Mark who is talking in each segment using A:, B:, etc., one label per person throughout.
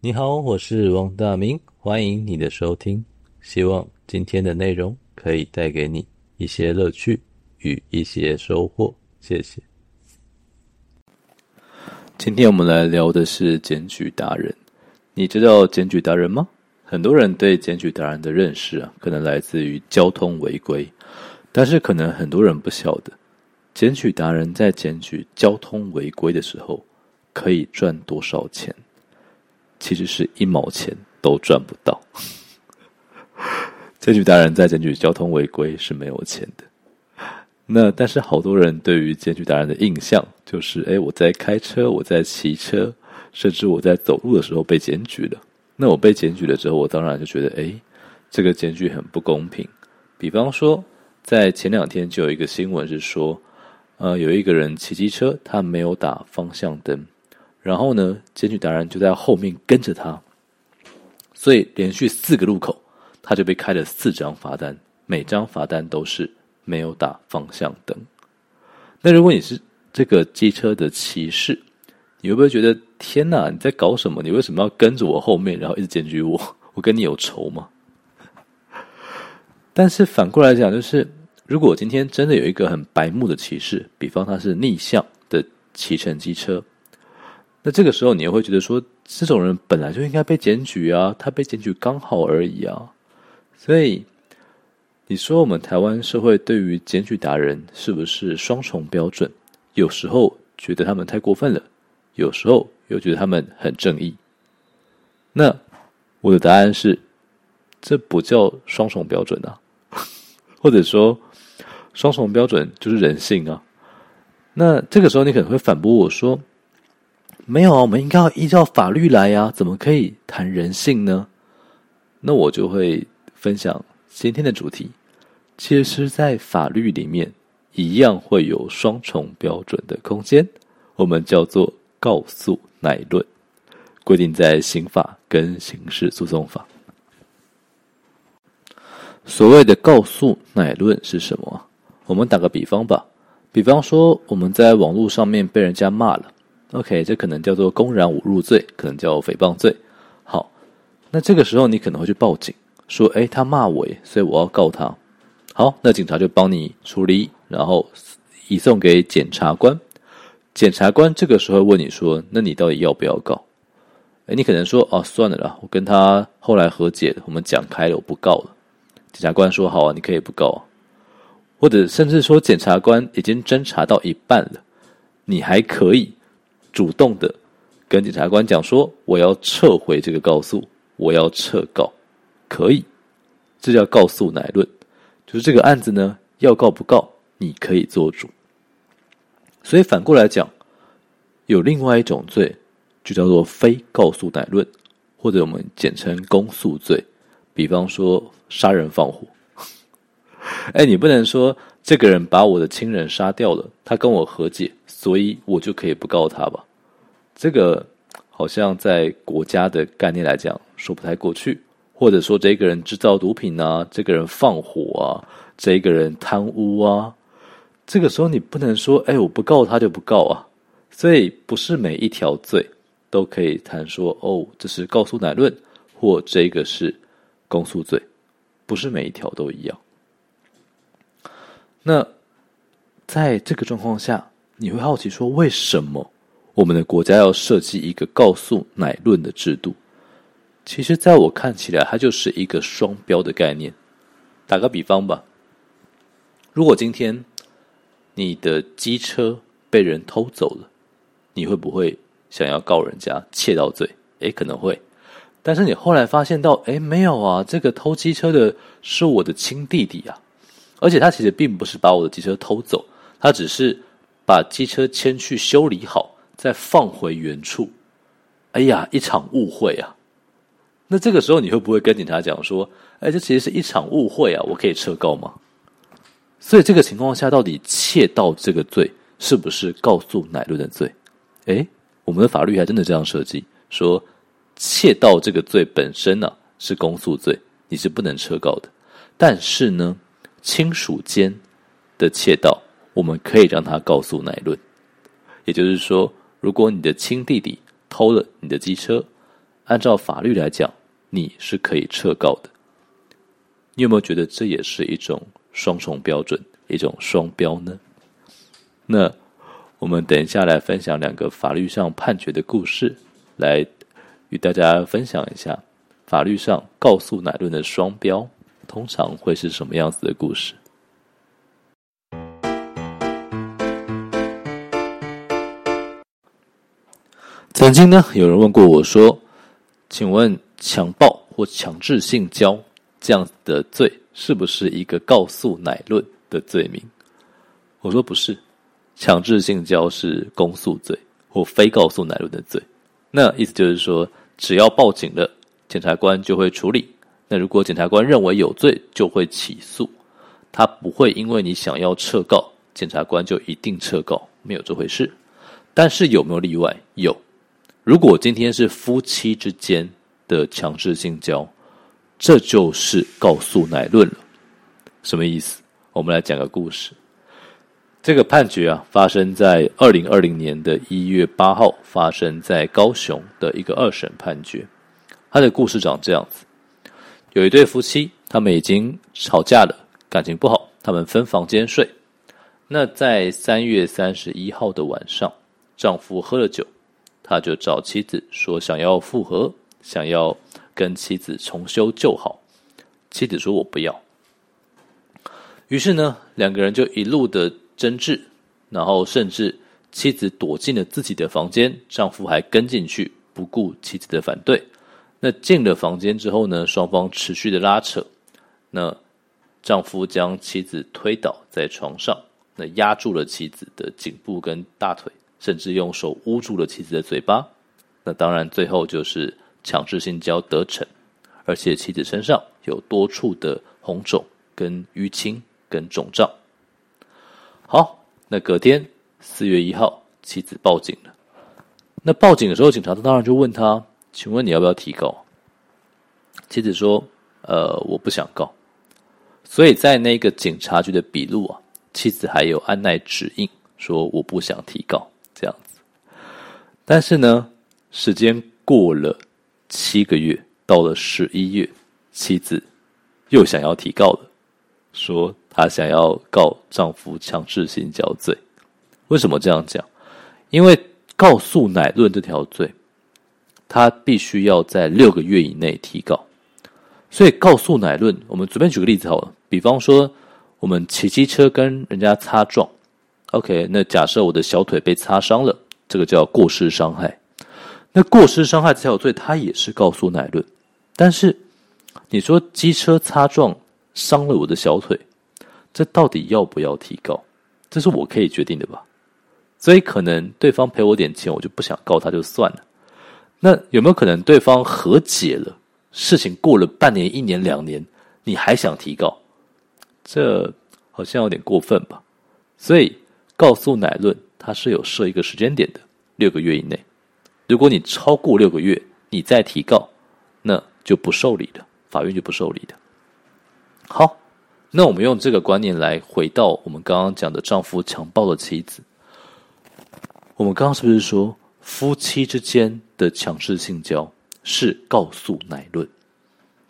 A: 你好，我是王大明，歡迎你的收聽。希望今天的內容可以帶給你一些樂趣與一些收穫。謝謝。今天我們來聊的是檢舉達人，你知道檢舉達人嗎？很多人對檢舉達人的認識啊，可能來自於交通違規。但是可能很多人不曉得，檢舉達人，在檢舉交通違規的時候，可以賺多少錢？其實是一毛錢都賺不到。檢舉達人在檢舉交通違規是沒有錢的。那但是好多人對於檢舉達人的印象就是：哎、欸，我在開車，我在騎車，甚至我在走路的時候被檢舉了。那我被檢舉了之後，我當然就覺得：哎、欸，這個檢舉很不公平。比方說，在前兩天就有一個新聞是說，呃，有一個人騎機車，他沒有打方向燈，然後呢，檢舉達人就在後面跟着他，所以連續四個路口，他就被開了四張罰單，每張罰單都是沒有打方向燈。那如果你是這個機車的騎士，你會不會覺得天哪，你在搞什麼？你為什麼要跟着我後面，然後一直檢舉我？我跟你有仇嗎？但是反過來講，就是。如果今天真的有一個很白目的騎士，比方他是逆向的騎乘機車，那這個時候你又會覺得說，這種人本來就應該被檢舉啊，他被檢舉剛好而已啊。所以你說我們台灣社會對於檢舉達人是不是雙重標準？有時候覺得他們太過分了，有時候又覺得他們很正義。那我的答案是，這不叫雙重標準啊，或者說。雙重標準就是人性啊！那這個時候你可能會反駁我說：“沒有啊，我們應該要依照法律來呀、啊，怎麼可以談人性呢？”那我就會分享今天的主題，其實，在法律裡面一樣會有雙重標準的空間，我們叫做告訴乃論，規定在刑法跟刑事訴訟法。所謂的告訴乃論是什麼？我們打個比方吧，比方說我們在網絡上面被人家罵了，OK，這可能叫做公然侮辱罪，可能叫誹謗罪。好，那這個時候你可能會去報警，說誒，他罵我耶，所以我要告他。好，那警察就幫你處理，然後移送給檢察官。檢察官這個時候問你說，那你到底要不要告？誒，你可能說哦、啊，算了啦，我跟他後來和解，我們講開了，我不告了。檢察官說好啊，你可以不告啊。或者甚至說，檢察官已經偵查到一半了，你還可以主動的跟檢察官講說：“我要撤回這個告訴，我要撤告，可以。”這叫告訴乃論，就是這個案子呢，要告不告，你可以做主。所以反過來講，有另外一種罪，就叫做非告訴乃論，或者我們簡稱公訴罪，比方說殺人放火。哎，你不能說這個人把我的親人殺掉了，他跟我和解，所以我就可以不告他吧？這個好像在國家的概念來講，說不太過去。或者說，這個人制造毒品啊，這個人放火啊，這個人貪污啊，這個時候你不能說，哎，我不告他就不告啊。所以，不是每一條罪都可以談說，哦，這是告訴乃論，或這個是公訴罪，不是每一條都一樣。那在這個狀況下，你會好奇說，為什麼我們的國家要設計一個告訴乃論的制度？其實，在我看起來，它就是一個雙標的概念。打個比方吧，如果今天你的機車被人偷走了，你會不會想要告人家竊盜罪？誒，可能會。但是你後來發現到，誒，沒有啊，這個偷機車的是我的親弟弟啊。而且他其實並不是把我的機車偷走，他只是把機車牽去修理好，再放回原處。哎呀，一場誤會啊！那這個時候，你會不會跟警察講說：“哎，這其實是一場誤會啊，我可以撤告嗎？”所以，這個情況下，到底竊盜這個罪是不是告訴乃論的罪？誒、哎，我們的法律還真的這樣設計，說竊盜這個罪本身呢、啊、是公訴罪，你是不能撤告的。但是呢，親屬間的竊盜，我們可以讓他告訴乃論，也就是說，如果你的親弟弟偷了你的機車，按照法律來講，你是可以撤告的。你有沒有覺得這也是一種雙重標準，一種雙標呢？那我們等一下來分享兩個法律上判決的故事，來與大家分享一下法律上告訴乃論的雙標。通常會是什麼樣子的故事？曾經呢，有人問過我說：“請問，強暴或強制性交這樣的罪，是不是一個告訴乃論的罪名？”我說：“不是，強制性交是公訴罪或非告訴乃論的罪。那意思就是說，只要報警了，檢察官就會處理。”那如果檢察官認為有罪，就會起訴。他不會因為你想要撤告，檢察官就一定撤告，沒有這回事。但是有沒有例外？有。如果今天是夫妻之間的強制性交，這就是告訴乃論了。什麼意思？我們來講個故事。這個判決啊，發生在二零二零年的一月八號，發生在高雄的一個二審判決。他的故事長這樣子。有一對夫妻，他們已經吵架了，感情不好，他們分房間睡。那在三月三十一號的晚上，丈夫喝了酒，他就找妻子說想要復合，想要跟妻子重修舊好。妻子說：“我不要。”於是呢，兩個人就一路的爭執，然後甚至妻子躲進了自己的房間，丈夫還跟進去，不顧妻子的反對。那進了房間之後呢，雙方持續的拉扯，那丈夫將妻子推倒在床上，那壓住了妻子的頸部跟大腿，甚至用手捂住了妻子的嘴巴。那當然，最後就是強制性交得逞，而且妻子身上有多處的紅腫、跟淤青、跟腫脹。好，那隔天四月一號，妻子報警了。那報警的時候，警察當然就問他。請問你要不要提告？妻子說：“呃，我不想告。”所以在那個警察局的筆錄啊，妻子還有按捺指印，說我不想提告這樣子。但是呢，時間過了七個月，到了十一月，妻子又想要提告了，說她想要告丈夫強制性交罪。為什麼這樣講？因為告訴乃論這條罪，他必須要在六個月以內提告，所以告訴乃論，我們隨便舉個例子好了，比方說我們騎機車跟人家擦撞，OK，那假設我的小腿被擦傷了，這個叫過失傷害，那過失傷害這條罪，它也是告訴乃論，但是你說機車擦撞傷了我的小腿，這到底要不要提告？這是我可以決定的吧？所以可能對方賠我點錢，我就不想告他就算了。那有沒有可能對方和解了？事情過了半年、一年、兩年，你還想提告？這好像有點過分吧。所以告訴乃論，他是有設一個時間點的，六個月以內。如果你超過六個月，你再提告，那就不受理的，法院就不受理的。好，那我們用這個觀念來回到我們剛剛講的丈夫強暴的妻子。我們剛剛是不是說？夫妻之間的強制性交是告訴乃論。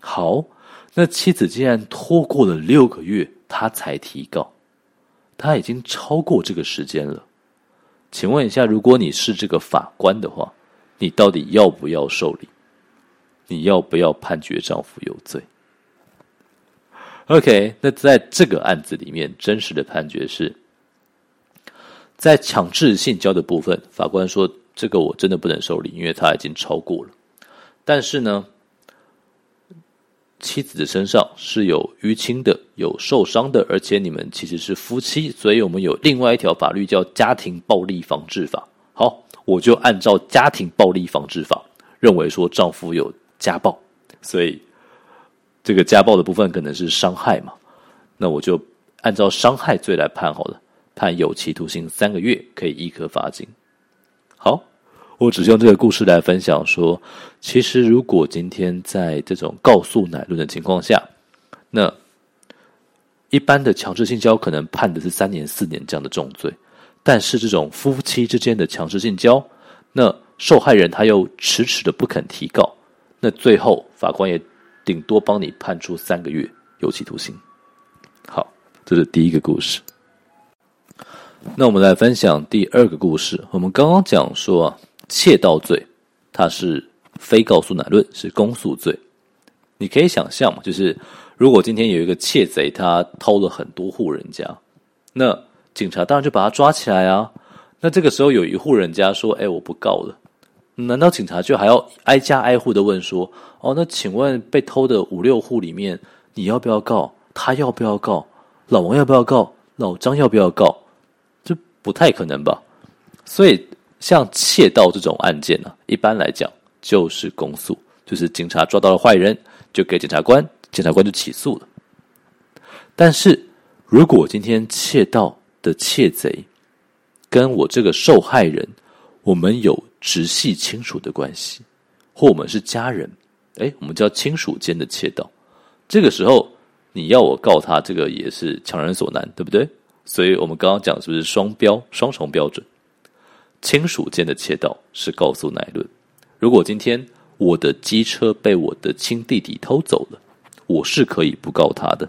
A: 好，那妻子竟然拖過了六個月，他才提告，他已經超過這個時間了。請問一下，如果你是這個法官的話，你到底要不要受理？你要不要判決丈夫有罪？OK，那在這個案子裡面，真實的判決是在強制性交的部分，法官說。這個我真的不能受理，因為他已經超過了。但是呢，妻子的身上是有淤青的，有受傷的，而且你們其實是夫妻，所以我們有另外一條法律叫《家庭暴力防治法》。好，我就按照《家庭暴力防治法》認為說丈夫有家暴，所以這個家暴的部分可能是傷害嘛，那我就按照傷害罪來判好了，判有期徒刑三個月，可以易科罰金。好，我只是用這個故事來分享說，其實如果今天在這種告訴乃論的情況下，那一般的強制性交可能判的是三年、四年這樣的重罪，但是這種夫妻之間的強制性交，那受害人他又遲遲的不肯提告，那最後法官也頂多幫你判處三個月有期徒刑。好，這是第一個故事。那我們來分享第二個故事。我們剛剛講說啊，竊盜罪它是非告訴乃論，是公訴罪。你可以想象嘛，就是如果今天有一個竊賊，他偷了很多戶人家，那警察當然就把他抓起來啊。那這個時候有一戶人家說：“哎，我不告了。”難道警察就還要挨家挨戶的問說：“哦，那請問被偷的五六戶裡面，你要不要告？他要不要告？老王要不要告？老張要不要告？”不太可能吧，所以像竊盜這種案件呢、啊，一般來講就是公訴，就是警察抓到了壞人，就給檢察官，檢察官就起訴了。但是如果今天竊盜的竊賊跟我這個受害人，我們有直系親屬的關係，或我們是家人，誒，我們叫親屬間的竊盜，這個時候你要我告他，這個也是強人所難，對不對？所以我們剛剛講是不是雙標、雙重標準？親屬間的竊盜是告訴乃論，如果今天我的機車被我的親弟弟偷走了，我是可以不告他的。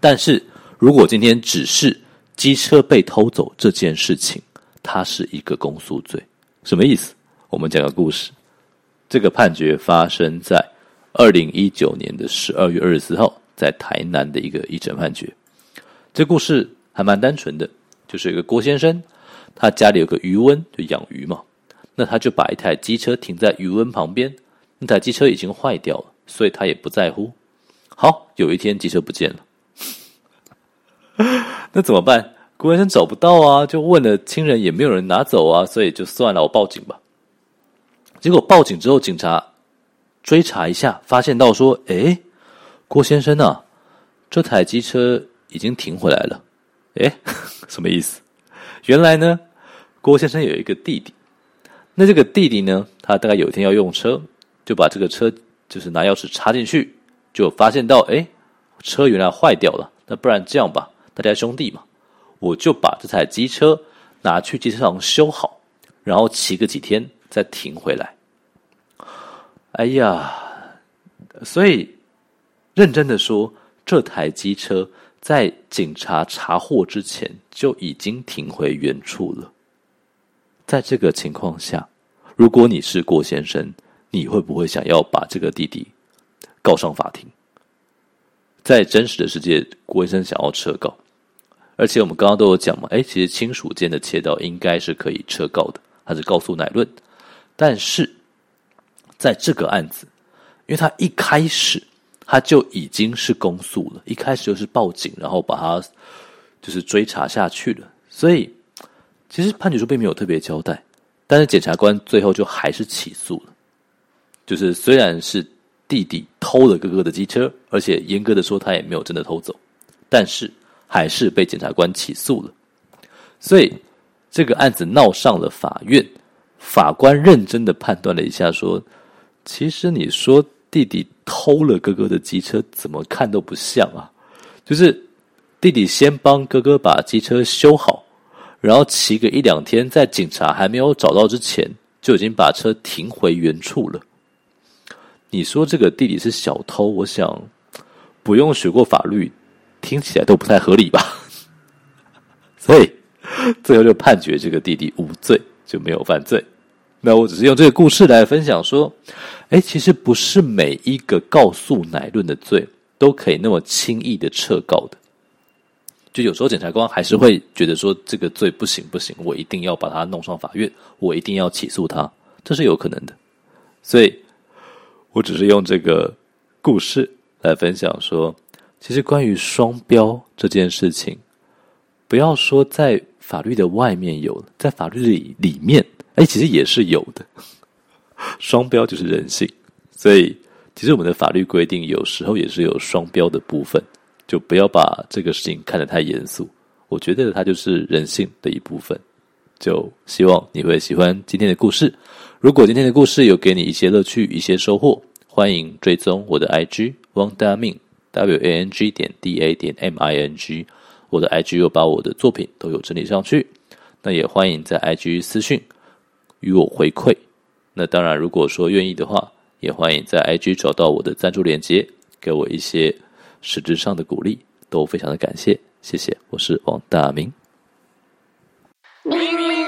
A: 但是如果今天只是機車被偷走這件事情，它是一個公訴罪，什麼意思？我們講個故事。這個判決發生在二零一九年的十二月二十四號，在台南的一個一審判決。這故事。還蠻單純的，就是一個郭先生，他家裡有個魚塭，就養魚嘛。那他就把一台機車停在魚塭旁邊，那台機車已經壞掉了，所以他也不在乎。好，有一天機車不見了， 那怎麼辦？郭先生找不到啊，就問了親人，也沒有人拿走啊，所以就算了，我報警吧。結果報警之後，警察追查一下，發現到說，誒，郭先生啊，這台機車已經停回來了。哎，什麼意思？原來呢，郭先生有一個弟弟。那這個弟弟呢，他大概有一天要用車，就把這個車就是拿鑰匙插進去，就發現到哎，車原來壞掉了。那不然這樣吧，大家兄弟嘛，我就把這台機車拿去機車行修好，然後騎個幾天再停回來。哎呀，所以認真的說，這台機車。在警察查獲之前就已經停回原處了。在這個情況下，如果你是郭先生，你會不會想要把這個弟弟告上法庭？在真實的世界，郭先生想要撤告，而且我們剛剛都有講嘛，誒，其實親屬間的竊盜應該是可以撤告的，還是告訴乃論？但是在這個案子，因為他一開始。他就已經是公訴了，一開始就是報警，然後把他就是追查下去了。所以其實判決書並沒有特別交代，但是檢察官最後就還是起訴了。就是雖然是弟弟偷了哥哥的機車，而且嚴格的說他也沒有真的偷走，但是還是被檢察官起訴了。所以這個案子鬧上了法院，法官認真的判斷了一下說，說其實你說。弟弟偷了哥哥的機車，怎麼看都不像啊！就是弟弟先幫哥哥把機車修好，然後騎個一兩天，在警察還沒有找到之前，就已經把車停回原處了。你說這個弟弟是小偷？我想不用學過法律，聽起來都不太合理吧？所以最後就判決這個弟弟無罪，就沒有犯罪。那我只是用這個故事來分享說，哎，其實不是每一個告訴奶論的罪都可以那麼輕易的撤告的，就有時候檢察官還是會覺得說這個罪不行不行，我一定要把它弄上法院，我一定要起訴他，這是有可能的。所以，我只是用這個故事來分享說，其實關於雙標這件事情，不要說在法律的外面有，在法律裡裡面。哎，其實也是有的，雙標就是人性，所以其實我們的法律規定有時候也是有雙標的部分，就不要把這個事情看得太嚴肅。我覺得它就是人性的一部分。就希望你會喜歡今天的故事。如果今天的故事有給你一些樂趣、一些收穫，歡迎追蹤我的 I G 王大明 W A N G 點 D A 點 M I N G，我的 I G 又把我的作品都有整理上去，那也歡迎在 I G 私訊。與我回饋，那當然，如果說願意的話，也歡迎在 IG 找到我的贊助鏈接，給我一些實質上的鼓勵，都非常的感謝，謝謝，我是王大明。